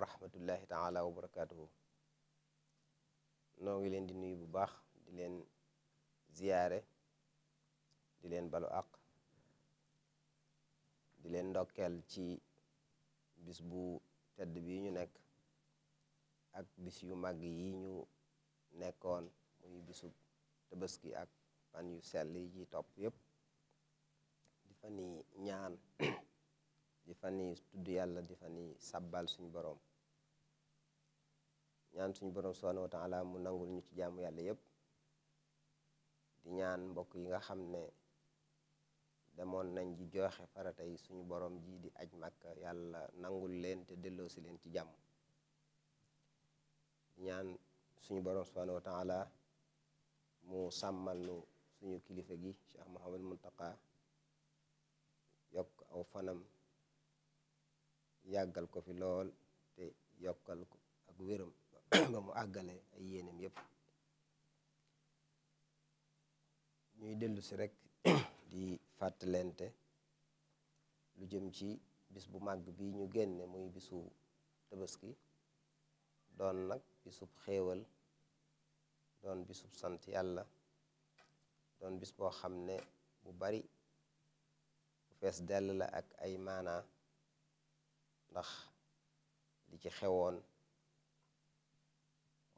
wa rahmatullahi taala wa barakaatuhu noo ngi leen di nuyu bu baax di leen ziyaare di leen balu àq di leen ndokkeel ci bis bu tedd bi ñu nekk ak bis yu màgg yi ñu nekkoon muy bisu tabaski ak fan yu sell yi ci topp yépp di fan yi ñaan di fa yi tudd yàlla di fan yi sàbbal suñu boroom ñaan suñu borom subhanahu wa taala mu nangul ñu ci jaamu yàlla yépp di ñaan mbokk yi nga xam ne demoon nañ ji joxe faratay suñu borom ji di aj màkk yàlla nangul leen te delloosi leen ci jàmm di ñaan suñu borom subhanahu wa taala mu sàmmal nu suñu kilifa gi Cheikh Mouhamadou Mountakha yokk aw fanam yàggal ko fi lool te yokkal ko ak wéram ba mu àggale ay yéeneem yépp ñuy dellusi rekk rek di fàttalente lu jëm ci bis bu màgg bi ñu génne muy bisu tabaski doon nag bisub xéewal doon bisub sant yàlla doon bis boo xam ne bu bari bu fees dell la ak ay maanaa ndax li ci xewoon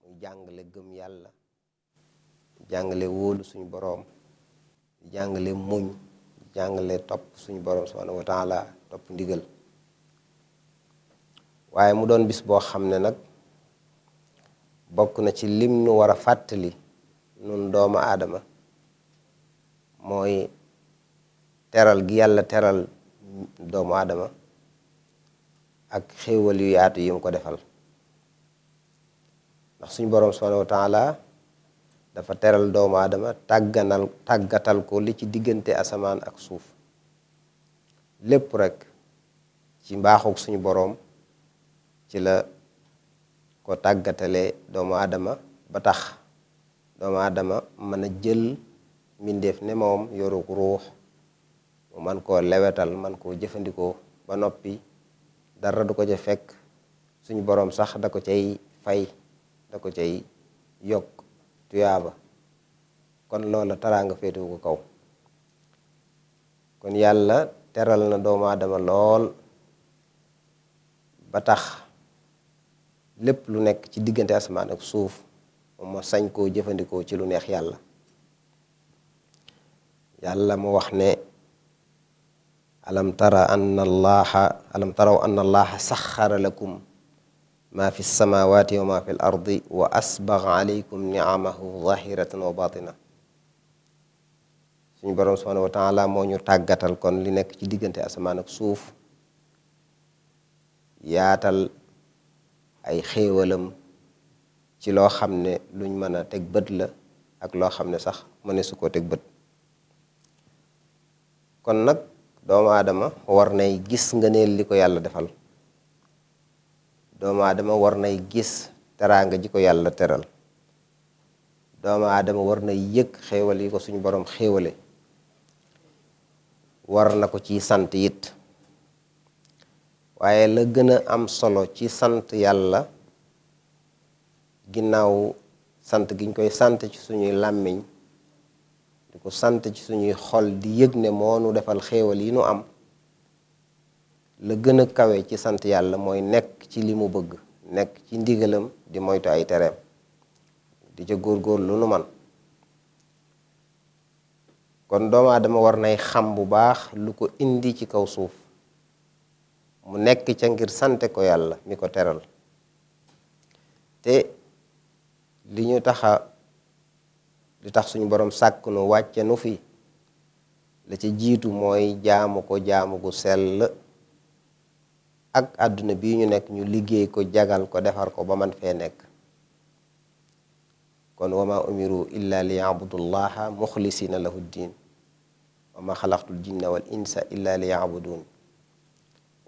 muy jàngale gëm yàlla jàngale wóolu suñu boroom jàngale muñ jàngale topp suñu borom subhanahu wa taala topp ndigal waaye mu doon bis boo xam ne nag bokk na ci lim nu war a fàttali nun doomu adama mooy teral gi yàlla teral doomu aadama ak xéewal yu yaatu yi ko defal ndax suñu borom subhanahu wa taala dafa teral doomu aadama tàgganal tàggatal ko li ci diggante asamaan ak suuf lépp rekk ci mbaaxug suñu boroom ci la ko tàggatalee doomu aadama ba tax doomu aadama mën a jël mbindeef ne moom yorug ruux mu man koo lewetal man koo jëfandikoo ba noppi dara du ko ca fekk suñu boroom sax da ko cay fay da ko cay yokk tuyaaba kon loola taraanga féetewu ko kaw kon yàlla teral na doomu aadama lool ba tax lépp lu nekk ci diggante asamaan ak suuf ma sañ koo jëfandikoo ci lu neex yàlla yàlla mu wax ne alam tara anna allaha alam taraw anna allaha saxara lakum maa fi samaawaati wa maa fi ardi wa asbax aleykum niamahu zahiratan wa batina suñu boroom subhanahu wa taala moo ñu tàggatal kon li nekk ci diggante asamaan ak suuf yaatal ay xéewalam ci loo xam ne luñ mën a teg bët la ak loo xam ne sax mëne su koo teg bët kon nag doomu aadama war nay gis nga neel li ko yàlla defal doomu aadama war nay gis teraanga ji ko yàlla teral doomu aadama war nay yëg xéewal yi ko suñu boroom xéewale war na ko ci sant it waaye la gën a am solo ci sant yàlla ginnaaw sant giñ koy sant ci suñuy làmmiñ di ko sant ci suñuy xol di yëg ne moo nu defal xéewal yi nu am la gën a kawe ci sant yàlla mooy nekk ci li mu bëgg nekk ci ndigalam di moytu ay tereem di ca góor-góor lu nu man kon doomu aadama war nay xam bu baax lu ko indi ci kaw suuf mu nekk ca ngir sante ko yàlla mi ko teral te li ñu taxa li tax suñu borom sàkk nu wàcce nu fi la ca jiitu mooy jaamu ko jaamu gu sell ak àdduna bii ñu nekk ñu liggéey ko jagal ko defar ko ba man fee nekk kon wa maa umiru illa li yabudullaha muxlisina lahu ddin wa ma xalaqtul jinna wal insa illa li yabudun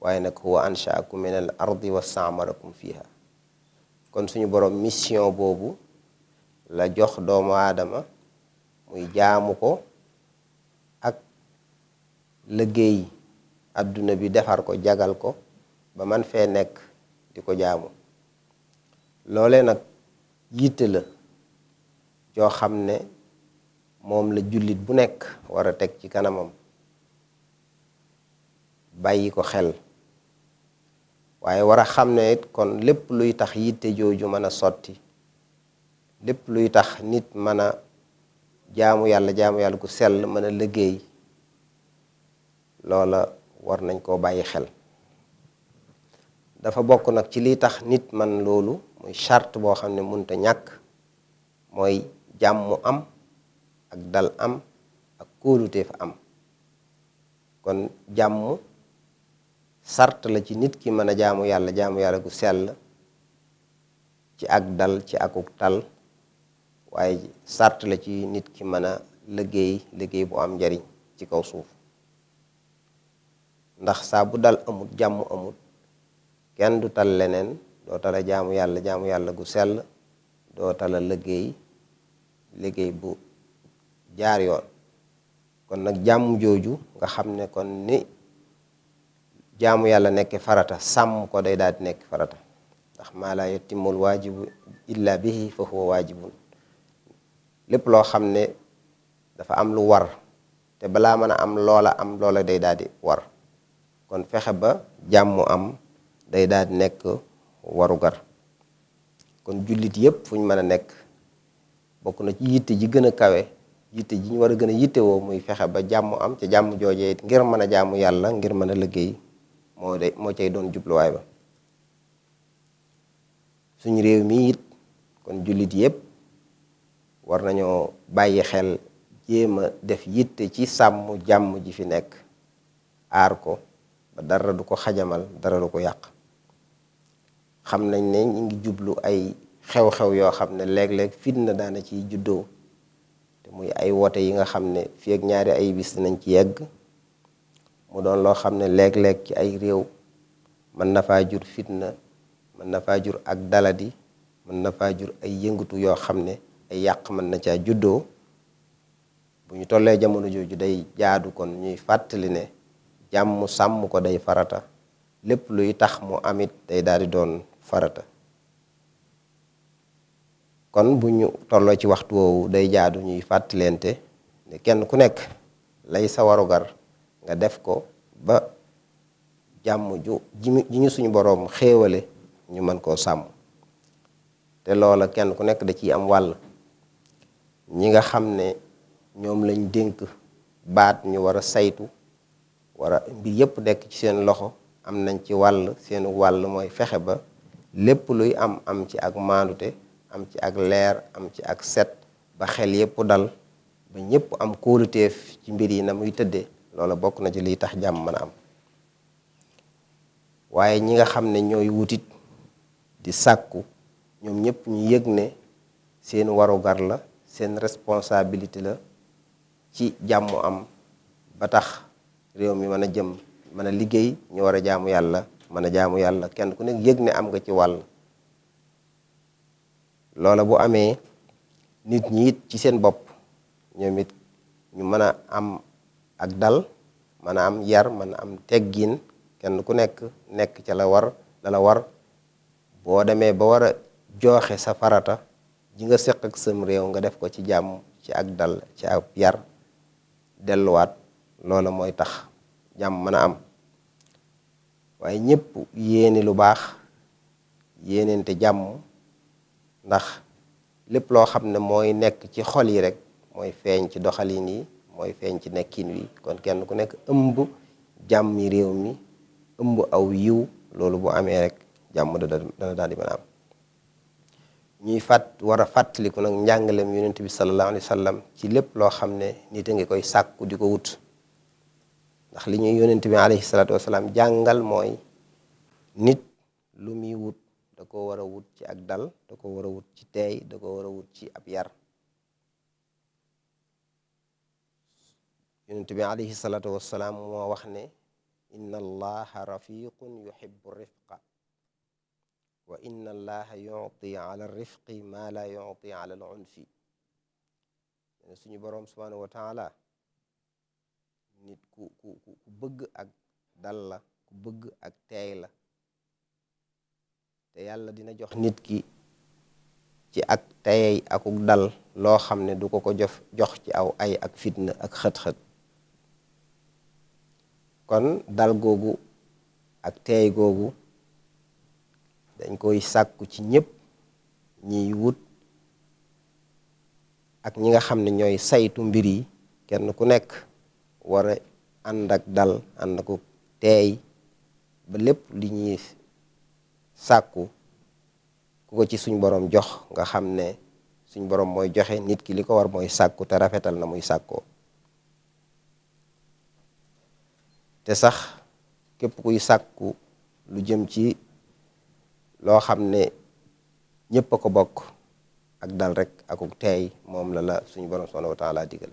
waaye nag huwa anshaakum min al ardi wa staamarakum fiha kon suñu boroom mission boobu la jox doomu aadama muy jaamu ko ak liggéey àdduna bi defar ko jagal ko ba man fee nekk di ko jaamu loole nag yitte la joo xam ne moom la jullit bu nekk war a teg ci kanamam bàyyi ko xel waaye war a xam ne it kon lépp luy tax yitte jooju mën a sotti lépp luy tax nit mën a jaamu yàlla jaamu yàlla ku sell mën a liggéey loola war nañ koo bàyyi xel dafa bokk nag ci li tax nit man loolu muy charte boo xam ne munta ñàkk mooy jàmmu am ak dal am ak kóoluteef am kon jàmm sart la ci nit ki mën a jaamu yàlla jaamu yàlla gu sell ci ak dal ci akuk tal waaye sart la ci nit ki mën a liggéey liggéey bu am njariñ ci kaw suuf ndax saa bu dal amut jàmm amut kenn du tal leneen doo tala jaamu yàlla jaamu yàlla gu sell doo tala liggéey liggéey bu jaar yoon kon nag jàmm jooju nga xam ne kon ni jaamu yàlla nekk farata sàmm ko day daal di nekk farata ndax maa laa yatimul waajibu illa bihi fa huwa waajibun lépp loo xam ne dafa am lu war te balaa mën a am loola am loola day daal di war kon fexe ba jàmm am day daal di nekk warugar kon jullit yépp fu ñu mën a nekk bokk na ci yitte ji gën a kawe yitte ji ñu war a gën a yitte woo muy fexe ba jàmm am ca jàmm joojee ngir mën a jàmm yàlla ngir mën a liggéey moo de moo cay doon jubluwaay ba suñu réew mi it kon jullit yépp war nañoo bàyyi xel jéem a def yitte ci sàmm jàmm ji fi nekk aar ko ba dara du ko xajamal dara du ko yàq xam nañ ne ñu ngi jublu ay xew-xew yoo xam ne léeg-léeg fitna daana ciy juddoo te muy ay wote yi nga xam ne fii ak ñaari ay bis nañ ci yegg mu doon loo xam ne léeg-léeg ci ay réew mën na faa jur fitna mën na faa jur ak daladi mën na faa jur ay yëngatu yoo xam ne ay yàq mën na caa juddoo bu ñu tollee jamono jooju day jaadu kon ñuy fàttali ne jàmm sàmm ko day farata lépp luy tax mu amit day daal di doon farata kon bu ñu tolloo ci waxtu woowu day jaadu ñuy fàttalente ne kenn ku nekk lay sa warugar nga def ko ba jàmm ju ji ñu suñu boroom xéewale ñu mën koo sàmm te loola kenn ku nekk da ciy am wàll ñi nga xam ne ñoom lañ dénk baat ñu war a saytu war a mbir yépp nekk ci seen loxo am nañ ci wàll seen wàll mooy fexe ba lépp luy am am ci ak maandute am ci ak leer am ci ak set ba xel yépp dal ba ñépp am kóoluteef ci mbir yi na muy tëddee loola bokk na ci liy tax jàmm mën a am waaye ñi nga xam ne ñooy wutit di sàkku ñoom ñépp ñu yëg ne seen warugar la seen responsabilité la ci jàmmu am ba tax réew mi mën a jëm mën a liggéey ñu war a jaamu yàlla mën a jaamu yàlla kenn ku nekk yëg ne am nga ci wàll loola bu amee nit ñi it ci seen bopp ñoom it ñu mën a am ak dal mën a am yar mën a am teggiin kenn ku nekk nekk ca la war dala war boo demee ba war a jooxe sa farata ji nga seq ak sam réew nga def ko ci jàmm ci ak dal ci ab yar delluwaat loola mooy tax jàmm mën a am waaye ñépp yéene lu baax yéenente jàmm ndax lépp loo xam ne mooy nekk ci xol yi rek mooy feeñ ci doxaliin yi mooy feeñ ci nekkin wi kon kenn ku nekk ëmb jàmm jàmmi réew mi ëmb aw yiw loolu bu amee rek jàmm dana daal di mën a am ñuy fàtt war a fàttaliku nag njàngaleem yonent bi sallallahu alayhi wa sallam ci lépp loo xam ne nit a ngi koy sàkku di ko wut ndax li ñuy yonent bi alayhi salaatu wasalaam jàngal mooy nit lu muy wut da ko war a wut ci ak dal da ko war a wut ci teey da ko war a wut ci ab yar yonent bi alayhi salaatu wasalaam moo wax ne inna allaha rafiqun yuhibbu rifqa wa inna allaha yuti ala rifqi ma la yuti ala al unfi suñu boroom subhanahu wa taala nit ku ku ku bëgg ak dal la ku bëgg ak teey la te yàlla dina jox nit ki ci ak teyey akuk dal loo xam ne du ko ko jof jox ci aw ay ak fitna ak xët-xët kon dal googu ak teey googu dañ koy sàkku ci ñépp ñiy wut ak ñi nga xam ne ñooy saytu mbir yi kenn ku nekk war a ak dal ànd ko teey ba lépp li ñuy sàkku ku ko ci suñ borom jox nga xam ne suñ borom mooy joxe nit ki li ko war mooy sàkku te rafetal na muy sàkkoo te sax képp kuy sàkku lu jëm ci loo xam ne ñépp a ko bokk ak dal rek akuk teey moom la la suñu borom subhanahu wa taala digal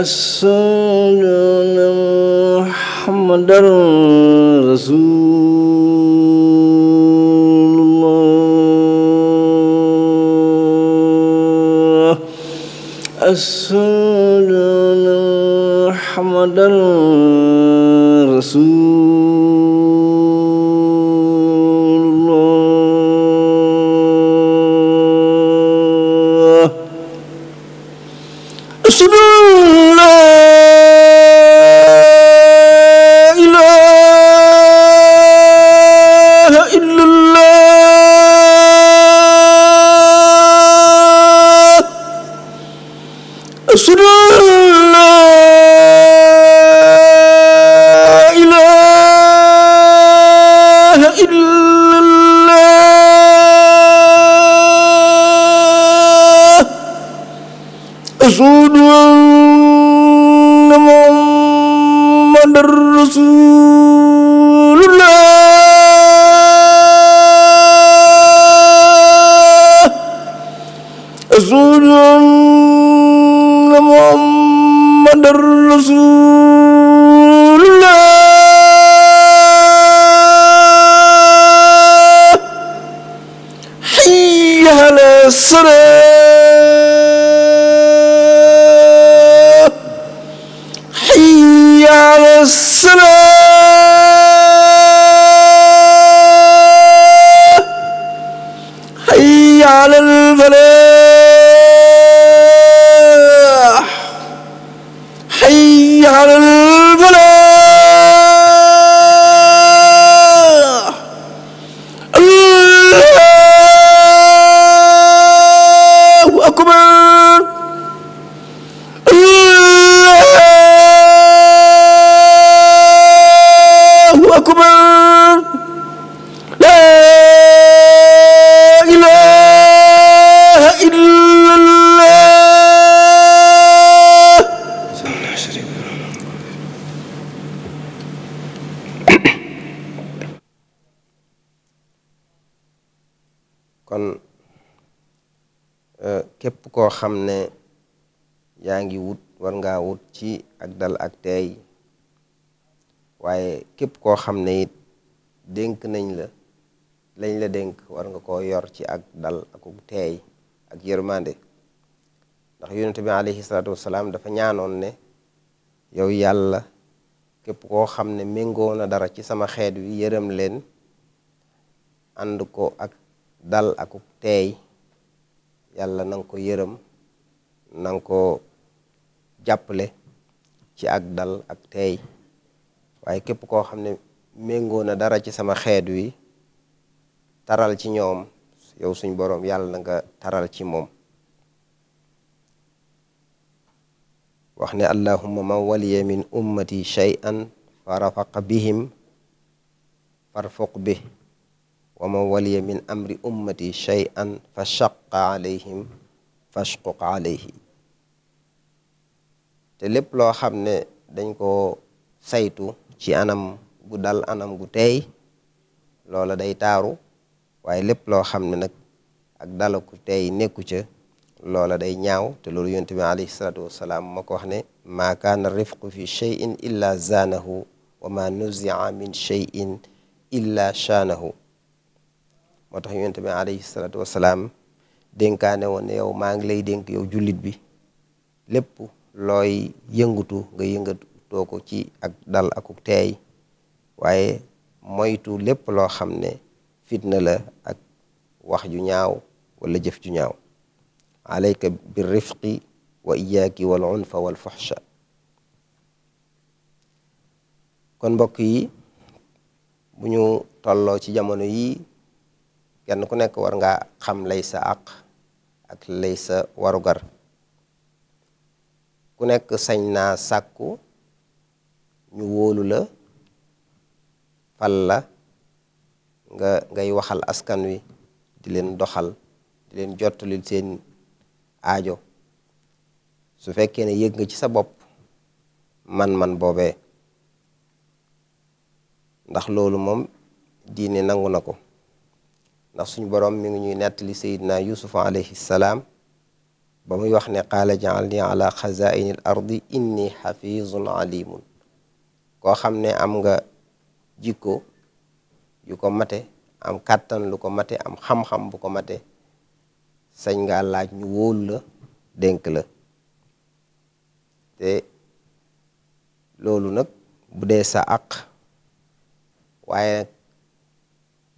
وأشهد أن محمدا رسول الله أشهد rasulullah ashhadu anna muhammadan rasulullah hayya ala salat السلام xam yaa ngi wut war ngaa ci ak dal ak waaye képp koo xam ne it dénk nañ la lañ la dénk war nga koo yor ci ak dal ak teey ak yërmande ndax yonent bi alayhi salaam dafa ñaanoon ne yow yàlla képp koo xam ne méngoo na dara ci sama xeet wi yërëm leen ànd ko ak dal ak teey yàlla nanga ko yërëm na nga ko jàppale ci ak dal ak tey waaye képp koo xam ne méngoo na dara ci sama xeet wi taral ci ñoom yow suñ boroom yàlla na nga taral ci moom wax ne allahumma man waliya min ummati shay'an fa rafaqa bihim farfuq bih wa man waliya min amri ummati shay'an fa shaqqa alayhim fashquq alayhi te lépp loo xam ne dañ ko saytu ci anam gu dal anam gu teey loola day taaru waaye lépp loo xam ne nag ak dalaku teey nekku ca loola day ñaaw te loolu yonent bi alayhi salaatu wassalaam ma ko wax ne maa kaana rifqu fi cheyin illa zaanahu wa ma nuzia min cheyin illa shaanahu moo tax yonent bi alayhi salaatu wassalaam dénkaane woon ne yow maa ngi lay dénk yow jullit bi lépp looy yëngatu nga yëngatoo ko ci ak dal akuk teey waaye moytu lépp loo xam ne fitna la ak wax ju ñaaw wala jëf ju ñaaw alayka bir rifqi wa iyaaki wal unfa wal fuxsha kon mbokk yi bu ñu tolloo ci jamono yii kenn ku nekk war nga xam lay sa àq ak lay sa warugar ku nekk sañ naa sàkku ñu wóolu la fal la nga ngay waxal askan wi di leen doxal di leen jottalil seen aajo su fekkee ne yëg nga ci sa bopp man-man boobee ndax loolu moom diine nangu na ko ndax suñu boroom mi ngi ñuy nettali sayidna yusuf alayhi salaam ba muy wax ne qaala jaalni ala xazaini al ardi inni xafizun alimun koo xam ne am nga jikko yu ko mate am kàttan lu ko mate am xam-xam bu ko mate sañ nga laaj ñu wóolu la dénk la te loolu nag bu dee sa aq waaye nag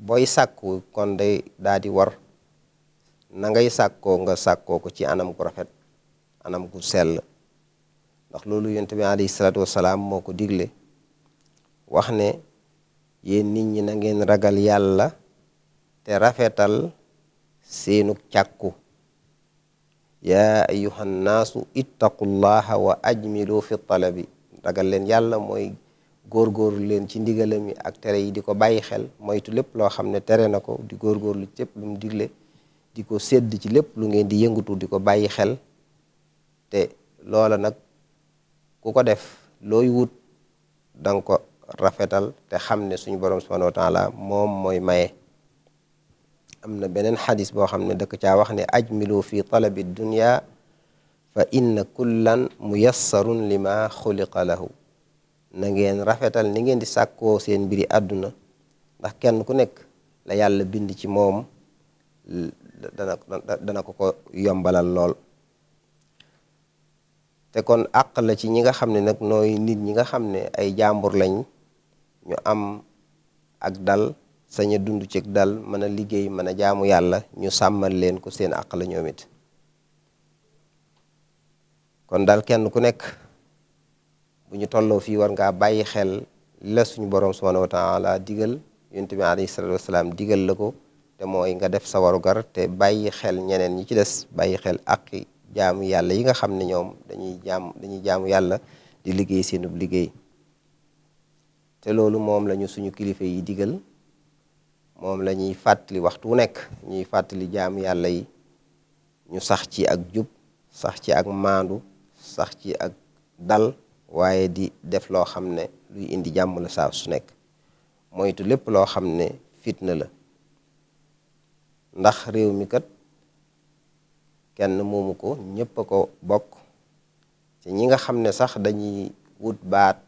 booy sàkku kon day daa war na ngay sàkkoo nga sàkkoo ko ci anam gu rafet anam gu sell ndax loolu yonent bi alayhi salaam moo ko digle wax ne yéen nit ñi na ngeen ragal yàlla te rafetal seenu càkku yaa ayuhan naasu ittaqullaha wa ajmilu fi talabi ragal leen yàlla mooy góorgóorlu leen ci ndigalam yi ak tere yi di ko bàyyi xel moytu lépp loo xam ne tere na ko di góorgóorlu ci lépp lu digle di ko sedd ci lépp lu ngeen di yëngatu di ko bàyyi xel te loola nag ku ko def looy wut da ko rafetal te xam ne suñu borom subhanahu wa taala moom mooy maye. am na beneen xadis boo xam ne dëkk caa wax ne ajmilu fi talabi dunya fa inna kullan muyassarun lima xuliqa lahu na ngeen rafetal ni ngeen di sàkkoo seen mbiri àdduna ndax kenn ku nekk la yàlla bind ci moom dana dana ko ko yombalal lool te kon àq ci ñi nga xam ne nag nooy nit ñi nga xam ne ay jàmbur lañ ñu am ak dal sañ a dund ci dal mën a liggéey mën a jaamu yàlla ñu sàmmal leen ko seen àq la kon dal kenn ku nekk bu ñu tolloo fii war ngaa bàyyi xel la suñu borom subhanahu wa taala digal yonent bi alayhi salaatu digal la ko te mooy nga def sa warugar te bàyyi xel ñeneen ñi ci des bàyyi xel ak jaamu yàlla yi nga xam ne ñoom dañuy jaam dañuy jaamu yàlla di liggéey seenub liggéey te loolu moom lañu suñu kilifa yi digal moom lañuy fàttali waxtu wu nekk ñuy fàttali jaamu yàlla yi ñu sax ci ak jub sax ci ak maandu sax ci ak dal waaye di def loo xam ne luy indi jàmm la saa su nekk moytu lépp loo xam ne fitna la ndax réew mi kat kenn moomu ko ñépp a ko bokk te ñi nga xam ne sax dañuy wut baat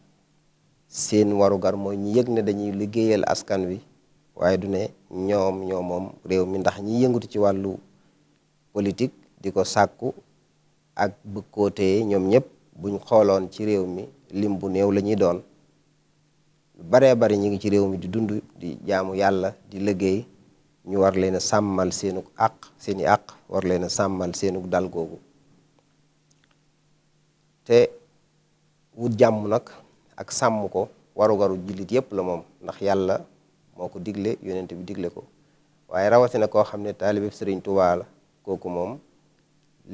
seen warugar mooy ñi yëg ne dañuy liggéeyal askan wi waaye du ne ñoom ñoo réew mi ndax ñi yëngatu ci wàllu politik di ko sàkku ak bëggootee ñoom ñépp buñ xooloon ci réew mi lim bu néew lañuy doon lu baree bari ñu ngi ci réew mi di dund di jaamu yàlla di liggéey ñu war leen a sàmmal seenu àq seeni àq war leen a sàmmal seenug dal googu te wut jàmm nag ak sàmm ko warugaru jullit yépp la moom ndax yàlla moo ko digle yonent bi digle ko waaye rawatina koo xam ne taalibe sëriñ Tuubaa la kooku moom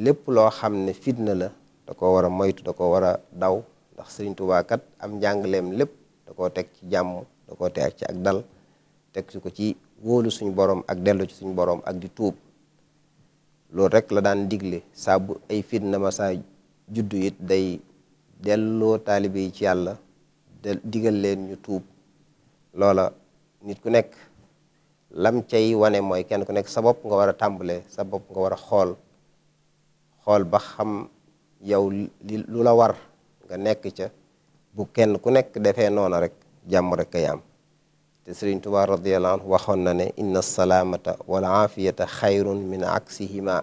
lépp loo xam ne fitna la da ko war a moytu da ko war a daw ndax sëriñ Tuubaa am njàngaleem lépp da koo teg ci jàmm da koo teg ci ak dal teg ci ko ci wóolu suñu borom ak dellu ci suñu borom ak di tuub loolu rek la daan digle saabu ay fitna ma saa juddu it day delloo taalibe yi ci yàlla de leen ñu tuub loola nit ku nekk lam cay wane mooy kenn ku nekk sa bopp nga war a tàmbale sa bopp nga war a xool xool ba xam yow li lu la war nga nekk ca bu kenn ku nekk defee noona rek jàmm rek kay am te sëriñ Tuubaa radiyallaahu waxoon na ne inna salaamata wal aafiyata xayrun min aksihima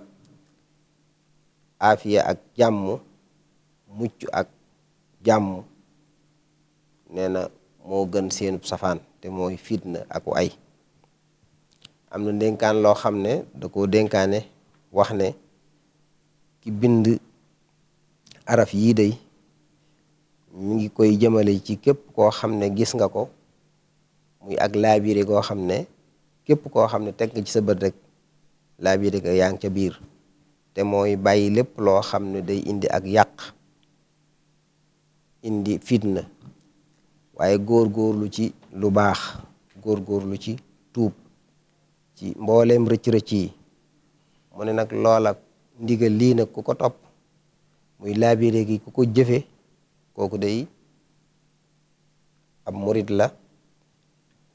aafiya ak jàmm mucc ak jàmm nee moo gën seenub safaan te mooy fitna ak ay am na dénkaan loo ne da koo dénkaane wax ne ki bind araf yii mu ngi koy jëmale ci képp koo xam ne gis nga ko muy ak laabire goo xam ne képp koo xam ne teg nga ci sa bët rek laabire ga yaa ngi ca biir te mooy bàyyi lépp loo xam ne day indi ak yàq indi fitna waaye góor-góorlu ci lu baax góor-góorlu ci tuub ci mbooleem rëcc-rëcc yi mu ne nag loola ndigal lii nag ku ko topp muy laabire gi ku ko jëfe kooku day ab murit la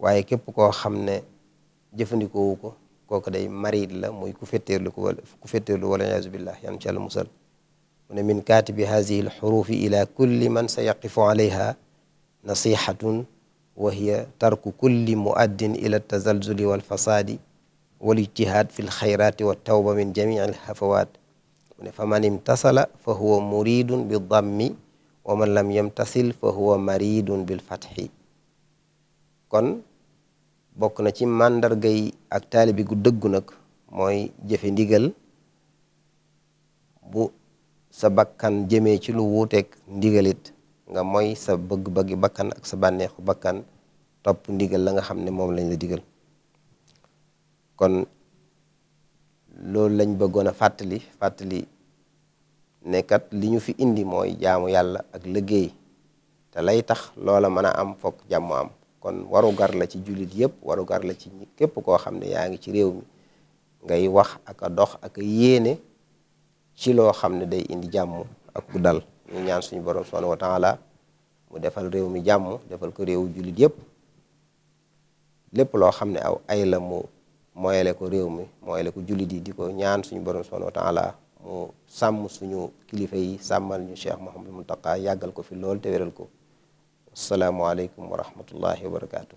waaye képp koo xam ne ko kooku day marid la muy ku fetteerlu ko wala wala yaasu billah yaan ci àlla musal mu ne min kaatibi haadihi lxurufi ila kulli man sa yaqifu alayha nasihatun wa hiya tarku kulli muaddin ila tazalzuli walfasaadi wal fi lxayraati wa tawba min jamii alhafawaat mu ne fa man imtasala fa huwa dammi wa man lam yamtasil fa huwa maridun bil bokk na ci màndargay ak taalibi gu dëggu nag mooy jëfe ndigal bu sa bakkan jëmee ci lu wuuteeg ndigalit nga moy sa bëgg-bëggi bakkan ak sa bànneexu bakkan topp ndigal la nga xam ne moom lañ la digal kon loolu lañ bëggoon a fàttali fàttali nekkat li ñu fi indi mooy jaamu yàlla ak liggéey te lay tax loola mën a am fokk jàmmu am kon waru gar la ci jullit yëpp waru gar la ci képp koo xam ne yaa ngi ci réew mi ngay wax ak dox ak a yéene ci loo xam ne day indi jàmm ak ku ñu ñaan suñu borom subhanahu wa taala mu defal réew mi jàmm defal ko réewu jullit yëpp lépp loo xam ne aw ay la mu mooyale ko réew mi mooyale ko jullit yi di ko ñaan suñu borom subhanahu wa taala mu sàmm suñu kilifa yi sàmmal ñu Cheikh Mouhamadou Mountakha yàggal ko fi lool te wéral ko salaamualeykum wa rahmatullahi wa barakaatu.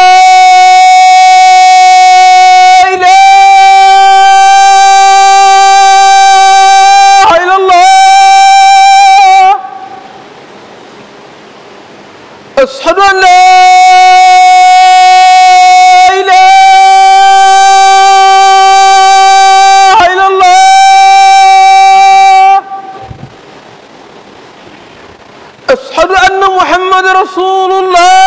rasulullah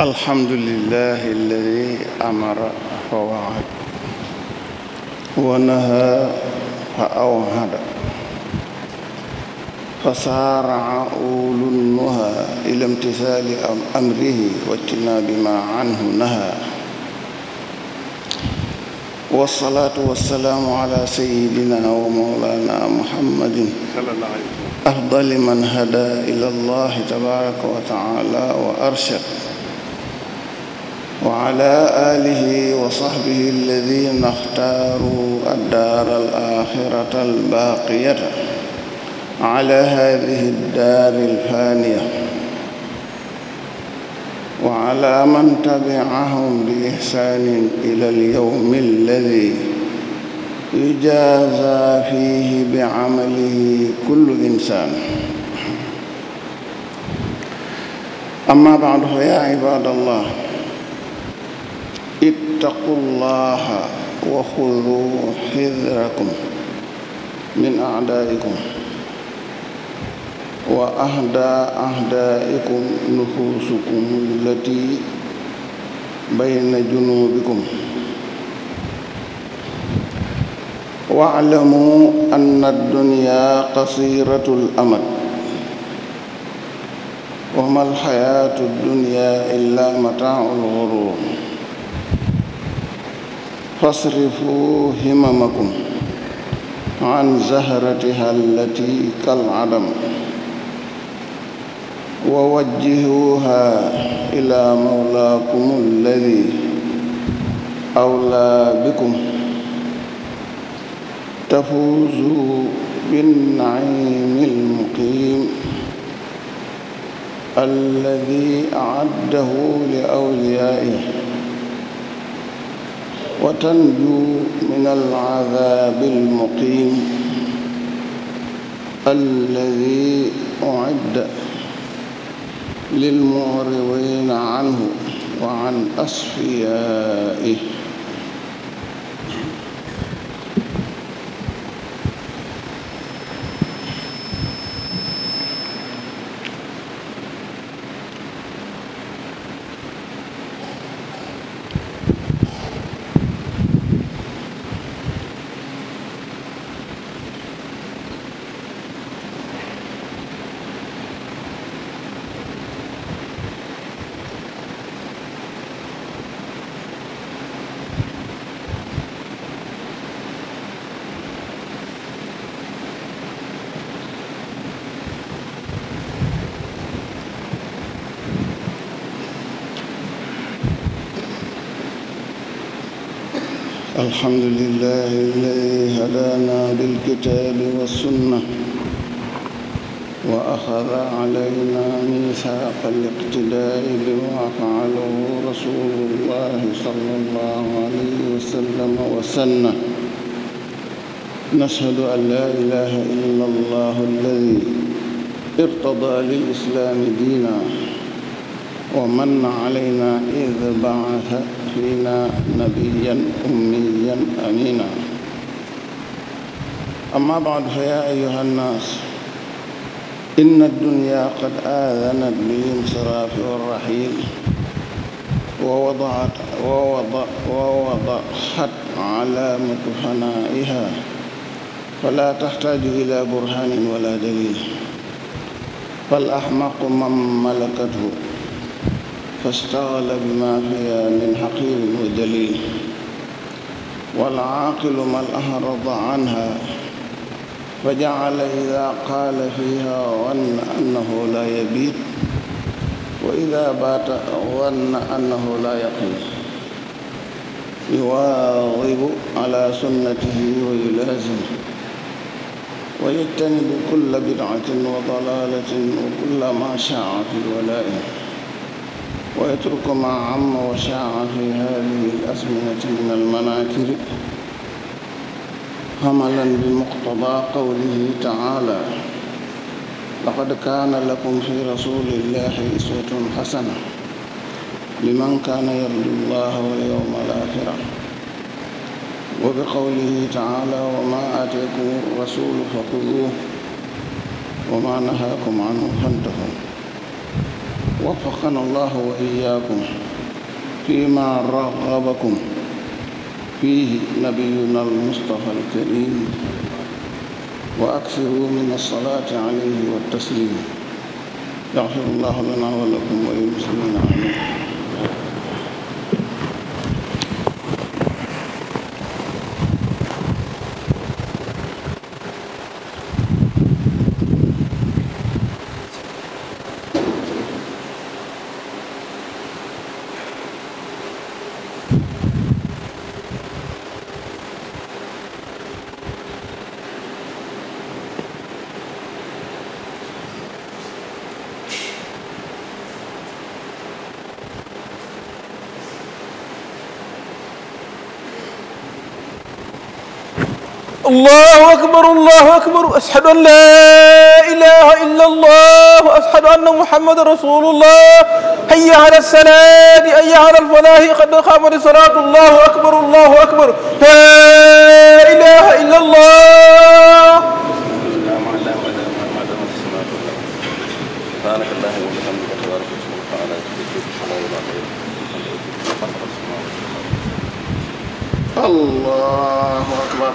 الحمد لله الذي أمر ووعد ونهى فأوهد فسارع أولو النهى إلى امتثال أمره واجتناب ما عنه نهى والصلاة والسلام على سيدنا ومولانا محمد أفضل من هدى إلى الله تبارك وتعالى وأرشد وعلى آله وصحبه الذين اختاروا الدار الآخرة الباقية على هذه الدار الفانية وعلى من تبعهم بإحسان إلى اليوم الذي يجازى فيه بعمله كل إنسان أما بعد فيا عباد الله ittaqullaha wa xudu xidrakum min aadaikum wa ahda ahdaikum nufusukum allati bayna junubikum waalamu anna addunya qasiratu lamad wa ma alxayatu addunya illa mataaul gurur fasrifu himamakum an zahratiha allati kal adam wa wajjihuha ila mawlaakum alladi awlaa bikum tafuuzu binnaimi almuqiim alladi acaddahu li awliyaaihi وتنجو من العذاب المقيم الذي أعد للمعرضين عنه وعن أصفيائه الحمد لله الذي هدانا للكتاب والسنة وأخذ علينا ميثاق الاقتداء بما فعله رسول الله صلى الله عليه وسلم وسنه نشهد أن لا إله إلا الله الذي ارتضى للإسلام دينا ومن علينا إذ بعث فينا نبيا أميا أمينا أما بعد فيا أيها الناس إن الدنيا قد آذنت بالانصراف والرحيل ووضعت ووضع ووضحت علامة فنائها فلا تحتاج إلى برهان ولا دليل فالأحمق من ملكته فاشتغل بما فيها من حقير ودليل والعاقل من أعرض عنها فجعل إذا قال فيها ظن أنه لا يبيت وإذا بات ظن أنه لا يقيم يواظب على سنته ويلازم ويجتنب كل بدعة وضلالة وكل ما شاع في الولائم ويترك ما عم وشاع في هذه الأزمنة من المناكر عملا بمقتضى قوله تعالى لقد كان لكم في رسول الله أسوة حسنة لمن كان يرجو الله واليوم الآخر وبقوله تعالى وما آتيكم الرسول فخذوه وما نهاكم عنه فانتهوا وفقنا الله وإياكم فيما رغبكم فيه نبينا المصطفى الكريم وأكثروا من الصلاة عليه والتسليم يغفر الله لنا ولكم وللمسلمين آمين allahu akbar allahu akbar ashhadu an la ilaha illa allah ashhadu anna muhammadan rasulullah hayya ala salaati hayya ala alfalahi qad qaamat salaatu allahu akbar allahu akbar la ilaha illa allah allahu akbar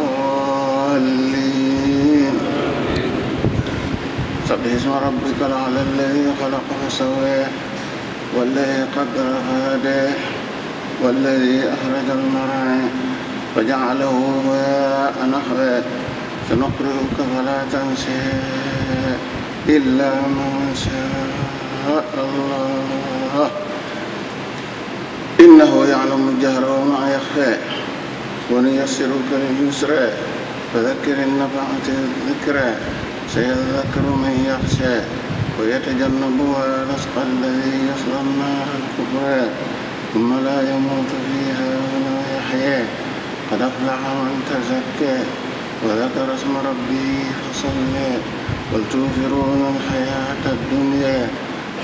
تقدير ربك على الذي خلق فسواه والذي قدر فهداه والذي أخرج المرعى فجعله ماء نحوه سنقرئك فلا تنسى إلا ما شاء الله إنه يعلم الجهر وما يخفى ونيسرك لليسرى فذكر النفعة الذكرى سيذكر من يخشى ويتجنبها الأشقى الذي يصلى النار الكبرى ثم لا يموت فيها ولا يحيا قد أفلح من تزكى وذكر اسم ربه فصلى بل توفرون الحياة الدنيا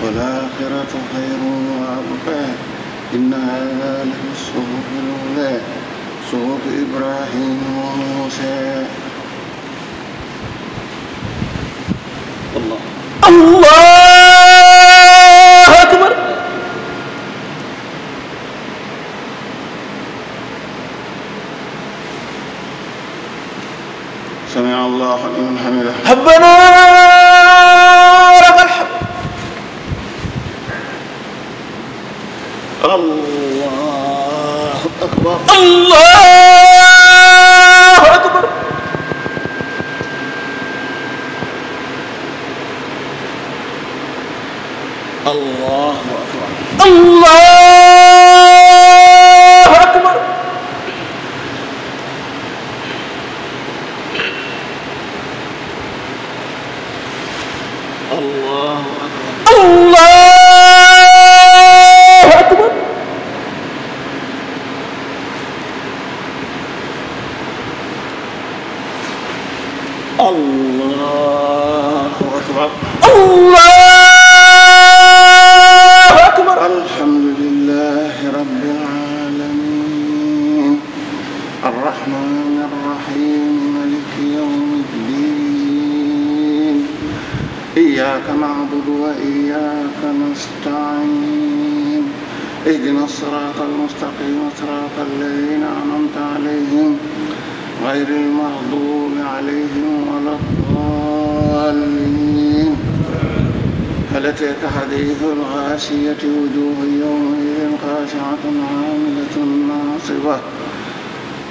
والآخرة خير وأبقى إن هذا لفي الصحف الأولى صحف إبراهيم وموسى allahu akbar sami allahu liman hamidah rabbana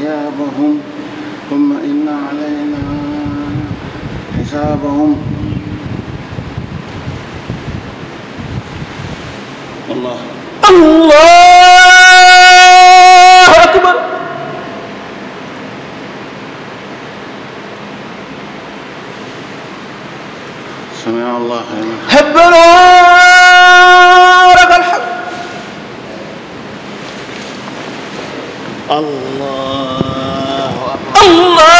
حجابهم ثم إن علينا حسابهم الله الله أكبر سمع الله لمن الله الله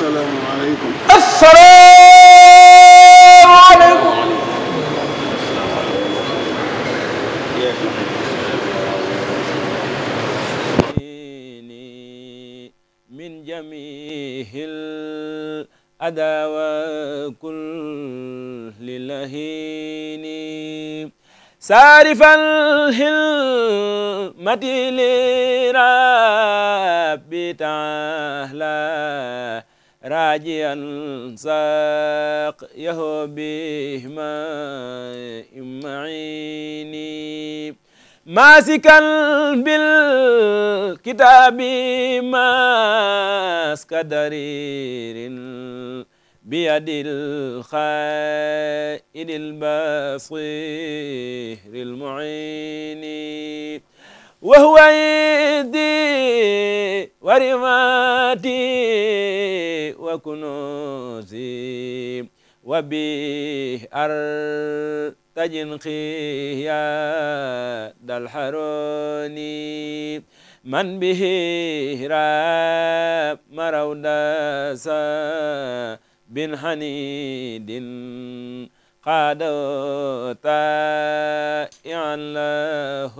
asalaamaaleykum. asalaamaaleykum. min jamiihil adaawa kulli lahiini saarif alhilmati li rabbi taala راجيا ساق يهو بهما معيني ماسكا بالكتاب ماسك درير بيد الخائن البصير المعين وهو عندي ورماتي وكنوزي وبه أرتجنقي يا ذا الحروني من به راب مرودسا بن حنيد قد طائع له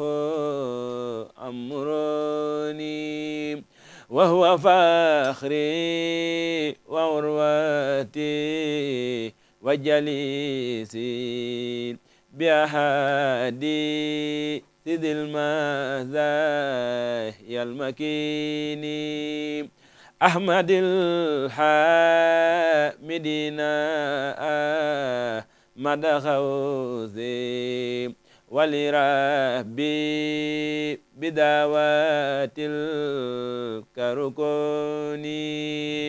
أمرني وهو فخري وعروتي وجليسي بأحاديث ذي المزايا المكين أحمد الحامدين مدى خوزي ولربي بدعوات الكركوني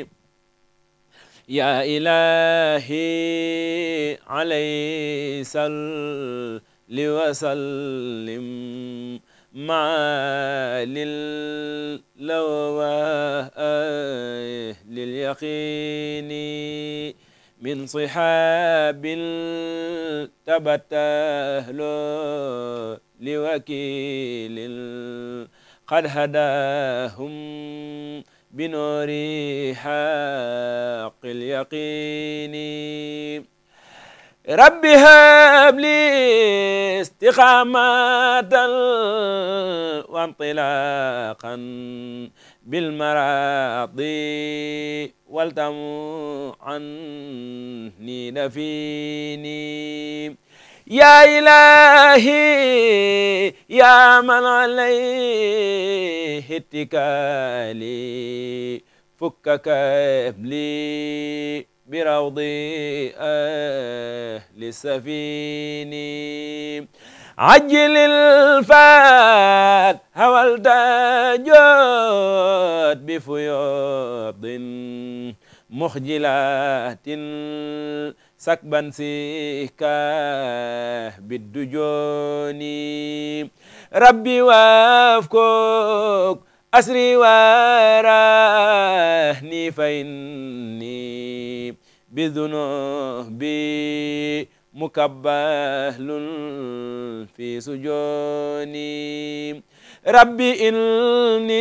يا إلهي عليه صل وسلم مع للوى لليقين من صحاب تبته له لوكيل قد هداهم بنور حق اليقين رب هب لي استقامة وانطلاقا بالمراضي والتم عني نفيني يا إلهي يا من عليه اتكالي فك كبلي بروض أهل سفيني عجل الفات حاول تجود بفيوض مخجلات سكبا سيكا بالدجون ربي وافكك أسري ورهني فإني بذنوبي مكبل في سجوني ربي إني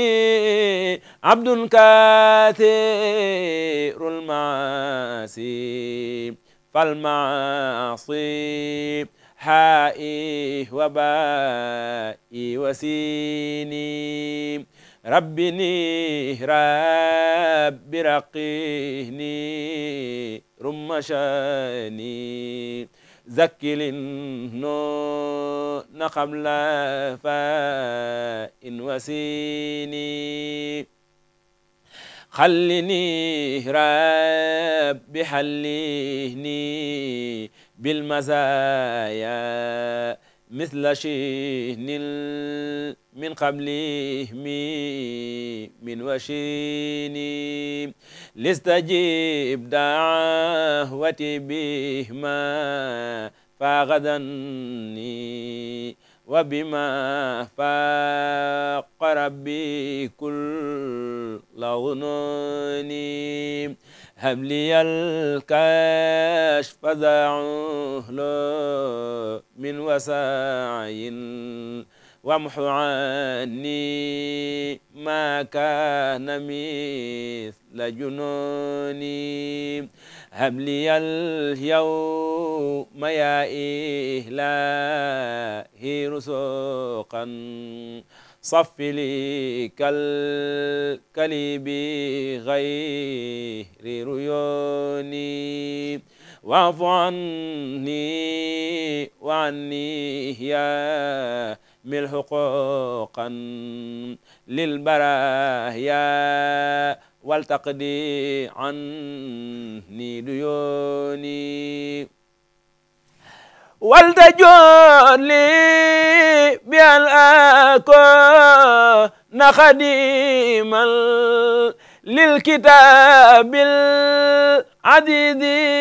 عبد كثير المعاصي فالمعاصي حائي وبائي وسيني ربني رب رقيني رمشاني zakkilin no na xam la fa in wasini xallini rabbi xallini bil masaaya misla chinin min qablihimi min wachini listajib daawati bihima faqadanni wa bima faqa rabbi kulla gununi هبلي الكشف ذعول من وسعي وامحو عني ما كان مثل جنوني هبلي اليوم يا إلهي رزقا صف لي كالكلي بغير ريوني واعف عني وعني يا مل حقوقا للبرايا والتقدي عني ديوني waltajoon li bi an akoona xadiman lil kitaabil adiidi